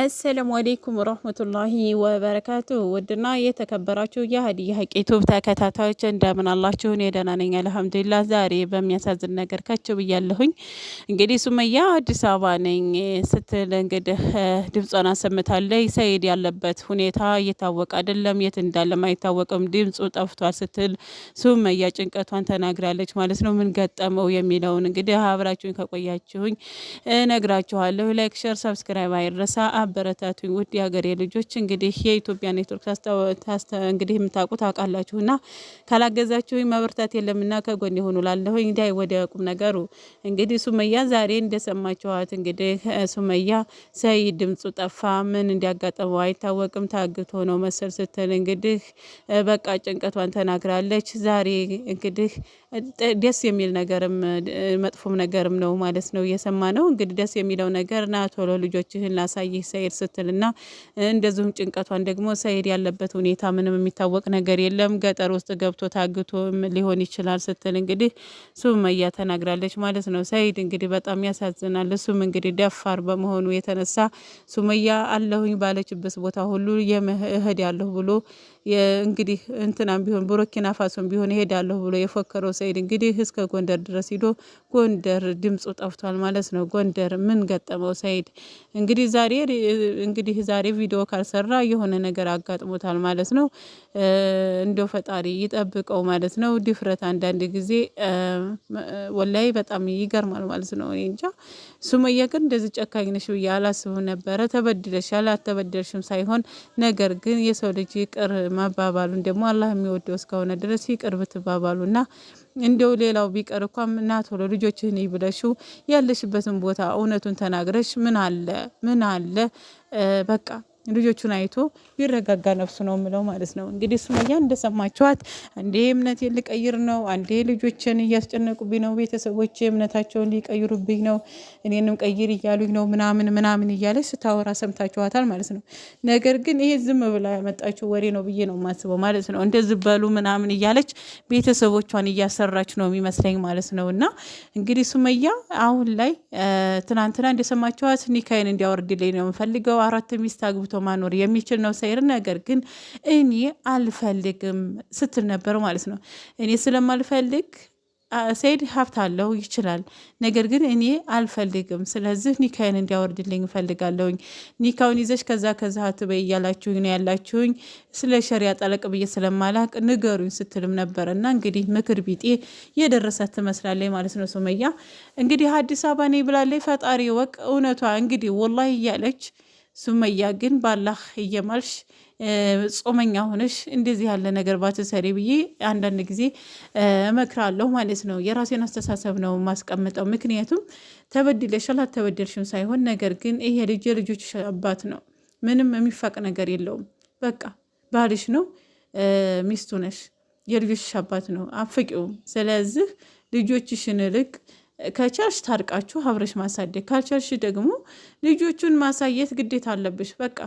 አሰላሙ አሌይኩም ረህመቱላሂ ወበረካቱ። ውድና የተከበራችሁ የሀዲያ ሀቅ ዩቱብ ተከታታዮች እንደምን አላችሁን? የደህና ነኝ አልሐምዱሊላህ። ዛሬ በሚያሳዝን ነገር ከችው ብያለሁኝ። እንግዲህ ሱመያ አዲስ አበባ ነኝ ስትል እንግዲህ ድምጿን አሰምታለች። ሰኢድ ያለበት ሁኔታ እየታወቀ አይደለም፣ የት እንዳለም አይታወቅም፣ ድምፁ ጠፍቷል ስትል ሱመያ ጭንቀቷን ተናግራለች ማለት ነው። ምን ገጠመው የሚለውን እንግዲህ አብራችሁኝ ከቆያችሁኝ እነግራችኋለሁ። ላይክ፣ ሸር፣ ሰብስክራይብ አይረሳ አበረታቱ ውድ የሀገሬ ልጆች። እንግዲህ የኢትዮጵያ ኔትወርክ እንግዲህ የምታውቁ ታውቃላችሁ እና ካላገዛችሁ መበርታት የለምና ከጎን የሆኑ ላለሁ እንዲህ ወደ ቁም ነገሩ እንግዲህ ሱመያ ዛሬ እንደሰማችኋት እንግዲህ ሱመያ ሰይ ድምፁ ጠፋ፣ ምን እንዲያጋጠመው አይታወቅም። ታግቶ ነው መሰል ስትል እንግዲህ በቃ ጭንቀቷን ተናግራለች። ዛሬ እንግዲህ ደስ የሚል ነገርም መጥፎም ነገርም ነው ማለት ነው እየሰማ ነው። እንግዲህ ደስ የሚለው ነገር ና ቶሎ ልጆችህን ላሳይህ ሰኢድ ስትልና እንደዚሁም ጭንቀቷን ደግሞ ሰይድ ያለበት ሁኔታ ምንም የሚታወቅ ነገር የለም ገጠር ውስጥ ገብቶ ታግቶ ሊሆን ይችላል ስትል እንግዲህ ሱመያ ተናግራለች ማለት ነው። ሰይድ እንግዲህ በጣም ያሳዝናል። እሱም እንግዲህ ደፋር በመሆኑ የተነሳ ሱመያ አለሁኝ ባለችበት ቦታ ሁሉ የመሄድ ያለሁ ብሎ እንግዲህ እንትናም ቢሆን ቡርኪና ፋሶም ቢሆን እሄዳለሁ ብሎ የፎከረው ሰይድ እንግዲህ እስከ ጎንደር ድረስ ሂዶ ጎንደር ድምፁ ጠፍቷል ማለት ነው። ጎንደር ምን ገጠመው ሰይድ እንግዲህ ዛሬ እንግዲህ ዛሬ ቪዲዮ ካልሰራ የሆነ ነገር አጋጥሞታል ማለት ነው። እንደው ፈጣሪ ይጠብቀው ማለት ነው። ድፍረት አንዳንድ ጊዜ ወላይ በጣም ይገርማል ማለት ነው። እኔ እንጃ። ሱመያ ግን እንደዚህ ጨካኝ ነሽ ብዬ አላስብም ነበረ። ተበድለሻል አልተበደልሽም ሳይሆን ነገር ግን የሰው ልጅ ይቅር መባባሉን ደግሞ አላህ የሚወደው እስከሆነ ድረስ ይቅር ብትባባሉና እንደው ሌላው ቢቀር እኳ እናቶሎ ልጆችህን ብለሽው ያለሽበትን ቦታ እውነቱን ተናግረሽ ምን አለ ምን አለ በቃ ልጆቹን አይቶ ይረጋጋ ነፍሱ ነው የምለው ማለት ነው። እንግዲህ ሱመያ እንደሰማችኋት እንዴ እምነት ልቀይር ነው፣ አንዴ ልጆችን እያስጨነቁብኝ ነው፣ ቤተሰቦች እምነታቸውን ሊቀይሩብኝ ነው፣ እኔንም ቀይር እያሉኝ ነው ምናምን ምናምን እያለች ስታወራ ሰምታችኋታል ማለት ነው። ነገር ግን ይሄ ዝም ብላ ያመጣችው ወሬ ነው ብዬ ነው የማስበው ማለት ነው። እንደ ዝበሉ ምናምን እያለች ቤተሰቦቿን እያሰራች ነው የሚመስለኝ ማለት ነው። እና እንግዲህ ሱመያ አሁን ላይ ትናንትና እንደሰማችኋት ኒካይን እንዲያወርድልኝ ነው የምፈልገው አራት ሚስት አግብቶ ቆይቶ ማኖር የሚችል ነው ሰይር። ነገር ግን እኔ አልፈልግም ስትል ነበር ማለት ነው። እኔ ስለማልፈልግ ሰይድ ሀብት አለው ይችላል። ነገር ግን እኔ አልፈልግም። ስለዚህ ኒካን እንዲያወርድልኝ እፈልጋለሁኝ። ኒካውን ይዘሽ ከዛ ከዛ አትበይ እያላችሁኝ ነው ያላችሁኝ። ስለ ሸሪያ ጠለቅ ብዬ ስለማላቅ ንገሩኝ ስትልም ነበረ እና እንግዲህ ምክር ቢጤ የደረሰት ትመስላለች ማለት ነው። ሱመያ እንግዲህ አዲስ አበባ ነኝ ብላለች። ፈጣሪ ወቅ እውነቷ እንግዲህ ወላሂ እያለች ሱመያ ግን ባላህ እየማልሽ ጾመኛ ሆነሽ እንደዚህ ያለ ነገር ባትሰሪ ብዬ አንዳንድ ጊዜ እመክራለሁ ማለት ነው። የራሴን አስተሳሰብ ነው ማስቀምጠው ምክንያቱም ተበድለሽ አላተበደልሽም ሳይሆን፣ ነገር ግን ይሄ ልጅ የልጆች አባት ነው። ምንም የሚፋቅ ነገር የለውም። በቃ ባልሽ ነው፣ ሚስቱ ነሽ፣ የልጆች አባት ነው። አፍቂውም። ስለዚህ ልጆችሽን ልቅ ከቻልሽ ታርቃችሁ አብረሽ ማሳደግ ካልቻልሽ ደግሞ ልጆቹን ማሳየት ግዴታ አለብሽ በቃ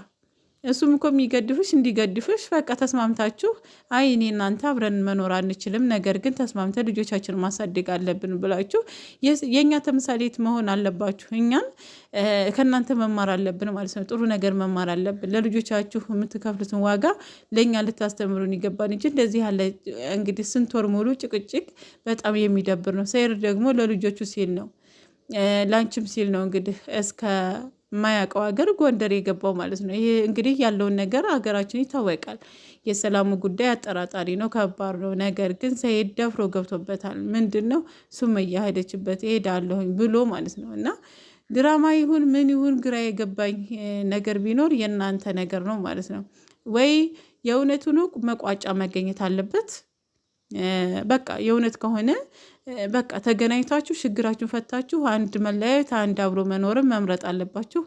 እሱም እኮ የሚገድፍሽ እንዲገድፍሽ በቃ ተስማምታችሁ አይ እኔ እናንተ አብረን መኖር አንችልም፣ ነገር ግን ተስማምተ ልጆቻችን ማሳደግ አለብን ብላችሁ የእኛ ተምሳሌት መሆን አለባችሁ። እኛን ከእናንተ መማር አለብን ማለት ነው። ጥሩ ነገር መማር አለብን። ለልጆቻችሁ የምትከፍሉትን ዋጋ ለእኛ ልታስተምሩን ይገባል እንጂ እንደዚህ ያለ እንግዲህ ስንት ወር ሙሉ ጭቅጭቅ በጣም የሚደብር ነው። ሰይር ደግሞ ለልጆቹ ሲል ነው፣ ላንቺም ሲል ነው እንግዲህ እስከ የማያውቀው ሀገር ጎንደር የገባው ማለት ነው። ይሄ እንግዲህ ያለውን ነገር ሀገራችን ይታወቃል። የሰላሙ ጉዳይ አጠራጣሪ ነው፣ ከባድ ነው። ነገር ግን ሰኢድ ደፍሮ ገብቶበታል። ምንድን ነው ሱመያ ሄደችበት እሄዳለሁኝ ብሎ ማለት ነው እና ድራማ ይሁን ምን ይሁን ግራ የገባኝ ነገር ቢኖር የእናንተ ነገር ነው ማለት ነው። ወይ የእውነቱን መቋጫ መገኘት አለበት በቃ የእውነት ከሆነ በቃ ተገናኝታችሁ ችግራችሁን ፈታችሁ አንድ መለያየት፣ አንድ አብሮ መኖርን መምረጥ አለባችሁ።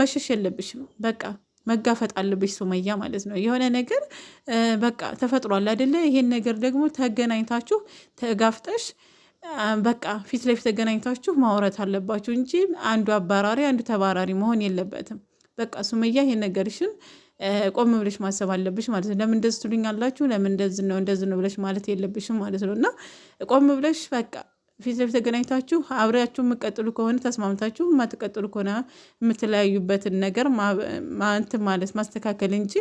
መሸሽ የለብሽም። በቃ መጋፈጥ አለብሽ ሱመያ ማለት ነው። የሆነ ነገር በቃ ተፈጥሯል አይደለ? ይሄን ነገር ደግሞ ተገናኝታችሁ ተጋፍጠሽ በቃ ፊት ለፊት ተገናኝታችሁ ማውረት አለባችሁ እንጂ አንዱ አባራሪ አንዱ ተባራሪ መሆን የለበትም። በቃ ሱመያ ይሄን ነገርሽን ቆም ብለሽ ማሰብ አለብሽ ማለት ነው። ለምን እንደዚህ ትሉኝ አላችሁ፣ ለምን እንደዚህ ነው እንደዚህ ነው ብለሽ ማለት የለብሽም ማለት ነው። እና ቆም ብለሽ በቃ ፊት ለፊት ተገናኝታችሁ አብሬያችሁ የምቀጥሉ ከሆነ ተስማምታችሁ የማትቀጥሉ ከሆነ የምትለያዩበትን ነገር እንትን ማለት ማስተካከል እንጂ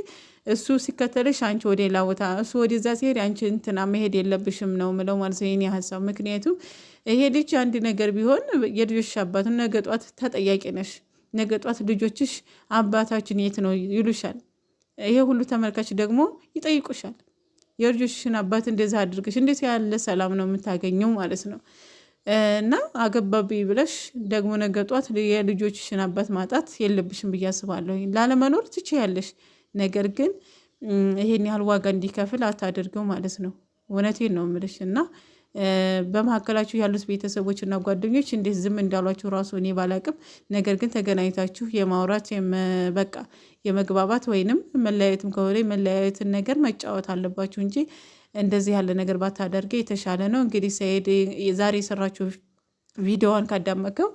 እሱ ሲከተልሽ አንቺ ወደ ሌላ ቦታ እሱ ወደዛ ሲሄድ አንቺ እንትና መሄድ የለብሽም ነው ምለው ማለት ነው የእኔ ሀሳብ። ምክንያቱም ይሄ ልጅ አንድ ነገር ቢሆን የልጆች አባት ነገ ጧት ተጠያቂ ነሽ። ነገ ጧት ልጆችሽ አባታችን የት ነው ይሉሻል። ይሄ ሁሉ ተመልካች ደግሞ ይጠይቁሻል። የልጆችሽን አባት እንደዚህ አድርገሽ እንዴት ያለ ሰላም ነው የምታገኘው ማለት ነው። እና አገባብኝ ብለሽ ደግሞ ነገ ጧት የልጆችሽን አባት ማጣት የለብሽም ብዬ አስባለሁ። ላለመኖር ትችያለሽ፣ ነገር ግን ይሄን ያህል ዋጋ እንዲከፍል አታደርገው ማለት ነው። እውነቴን ነው የምልሽ እና በመካከላችሁ ያሉት ቤተሰቦች እና ጓደኞች እንዴት ዝም እንዳሏችሁ ራሱ እኔ ባላቅም፣ ነገር ግን ተገናኝታችሁ የማውራት በቃ የመግባባት ወይንም መለያየትም ከሆነ መለያየትን ነገር መጫወት አለባችሁ እንጂ እንደዚህ ያለ ነገር ባታደርገ የተሻለ ነው። እንግዲህ ሰኢድ ዛሬ የሰራችሁ ቪዲዮዋን ካዳመቀው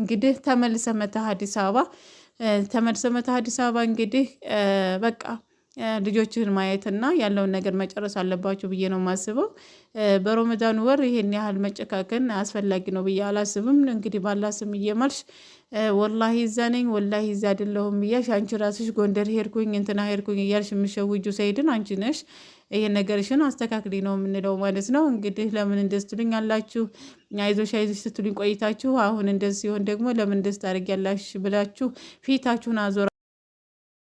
እንግዲህ ተመልሰ መታ አዲስ አበባ ተመልሰ መታ አዲስ አበባ እንግዲህ በቃ ልጆችህን ማየትና ያለውን ነገር መጨረስ አለባቸው ብዬ ነው የማስበው። በሮመዳን ወር ይሄን ያህል መጨካከን አስፈላጊ ነው ብዬ አላስብም። እንግዲህ ባላስም እየማልሽ ወላሂ እዛ ነኝ ወላሂ እዛ አይደለሁም ብያሽ አንቺ ራስሽ ጎንደር ሄድኩኝ እንትና ሄድኩኝ እያልሽ የምሸውጁ ሰይድን አንቺ ነሽ። ይሄን ነገርሽን አስተካክሊ ነው የምንለው ማለት ነው። እንግዲህ ለምን እንደስ ትሉኝ አላችሁ፣ አይዞሽ አይዞሽ ስትሉኝ ቆይታችሁ አሁን እንደዚህ ሲሆን ደግሞ ለምን እንደዚህ ታደርጊያለሽ ብላችሁ ፊታችሁን አዞራ